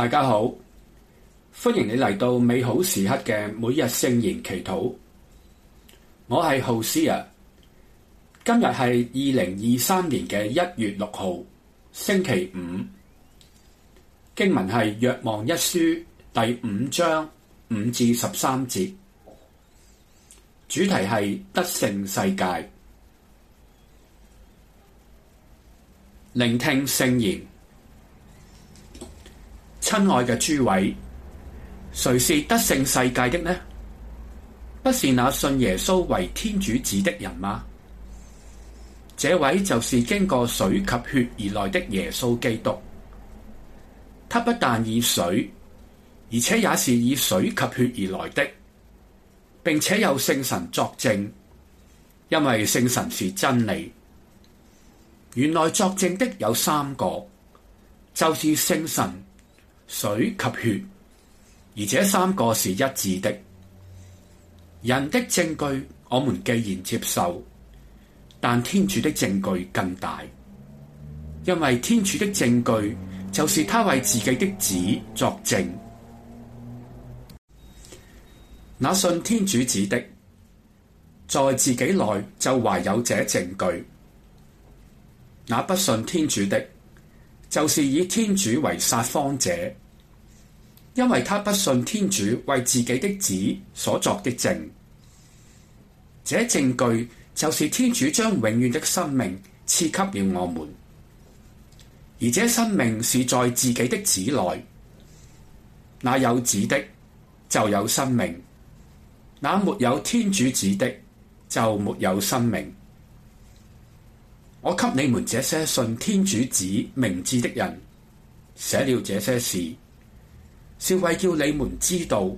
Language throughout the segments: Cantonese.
大家好，歡迎你嚟到美好時刻嘅每日聖言祈禱。我係浩斯啊，今日係二零二三年嘅一月六號，星期五。經文係《若望一書》第五章五至十三節，主題係得勝世界。聆聽聖言。親愛嘅諸位，誰是得勝世界的呢？不是那信耶穌為天主子的人嗎？這位就是經過水及血而來的耶穌基督。他不但以水，而且也是以水及血而來的，並且有聖神作證，因為聖神是真理。原來作證的有三個，就是聖神。水及血，而這三個是一致的。人的證據我們既然接受，但天主的證據更大，因為天主的證據就是他為自己的子作證。那信天主子的，在自己內就懷有這證據；那不信天主的，就是以天主為撒謊者。因為他不信天主為自己的子所作的證，這證據就是天主將永遠的生命賜給了我們，而這生命是在自己的子內。那有子的，就有生命，那沒有天主子的，就沒有生命。我給你們這些信天主子名字的人寫了這些事。是為叫你們知道，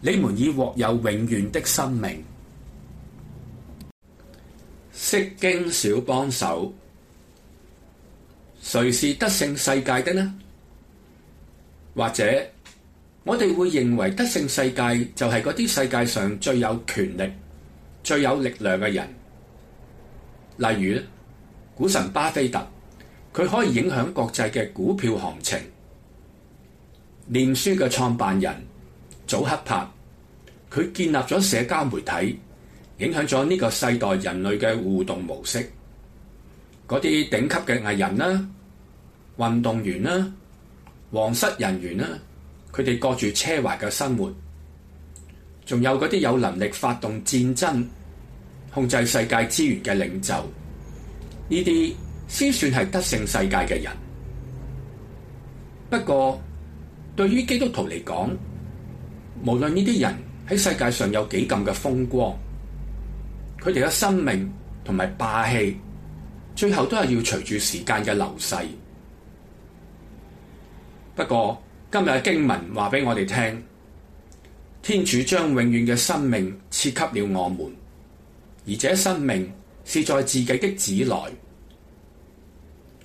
你們已獲有永遠的生命。釋經小幫手，誰是得勝世界的呢？或者我哋會認為得勝世界就係嗰啲世界上最有權力、最有力量嘅人，例如股神巴菲特，佢可以影響國際嘅股票行情。臉書嘅創辦人祖克柏，佢建立咗社交媒體，影響咗呢個世代人類嘅互動模式。嗰啲頂級嘅藝人啦、運動員啦、皇室人員啦，佢哋過住奢華嘅生活。仲有嗰啲有能力發動戰爭、控制世界資源嘅領袖，呢啲先算係得勝世界嘅人。不過，對於基督徒嚟講，無論呢啲人喺世界上有幾咁嘅風光，佢哋嘅生命同埋霸氣，最後都係要隨住時間嘅流逝。不過，今日嘅經文話俾我哋聽，天主將永遠嘅生命賜給了我們，而這生命是在自己的子內。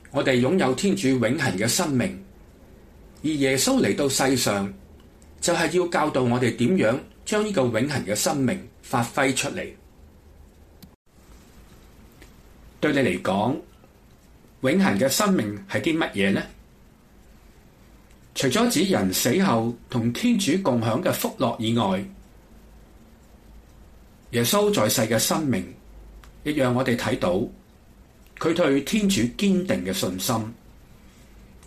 我哋擁有天主永恆嘅生命。而耶穌嚟到世上，就係要教導我哋點樣將呢個永恆嘅生命發揮出嚟。對你嚟講，永恆嘅生命係啲乜嘢呢？除咗指人死後同天主共享嘅福樂以外，耶穌在世嘅生命亦讓我哋睇到佢對天主堅定嘅信心。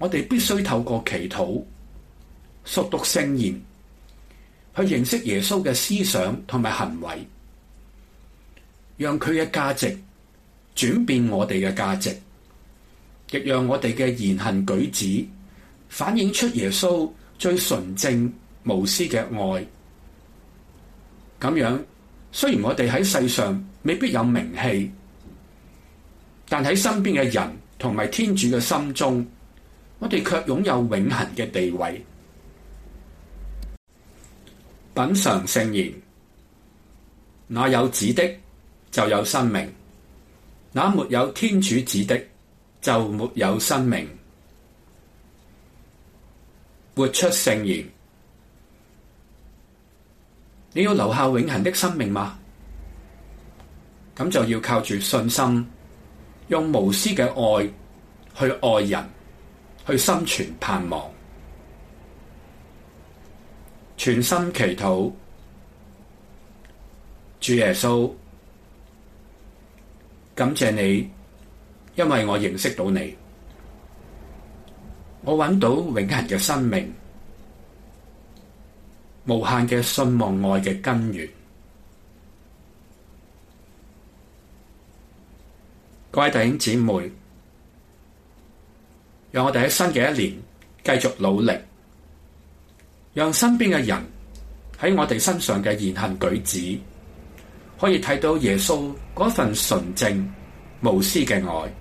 我哋必須透過祈禱、熟讀聖言，去認識耶穌嘅思想同埋行為，讓佢嘅價值轉變我哋嘅價值，亦讓我哋嘅言行舉止反映出耶穌最純正無私嘅愛。咁樣，雖然我哋喺世上未必有名氣，但喺身邊嘅人同埋天主嘅心中。我哋卻擁有永恒嘅地位，品嘗聖言。那有子的就有生命，那沒有天主子的就沒有生命。活出聖言，你要留下永恒的生命嗎？咁就要靠住信心，用無私嘅愛去愛人、去盼望。去心存盼望，全心祈禱，主耶穌，感謝你，因為我認識到你，我揾到永恒嘅生命，無限嘅信望愛嘅根源。各位弟兄姊妹。讓我哋喺新嘅一年繼續努力，讓身邊嘅人喺我哋身上嘅言行舉止，可以睇到耶穌嗰份純正無私嘅愛。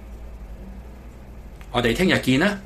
我哋聽日見啦！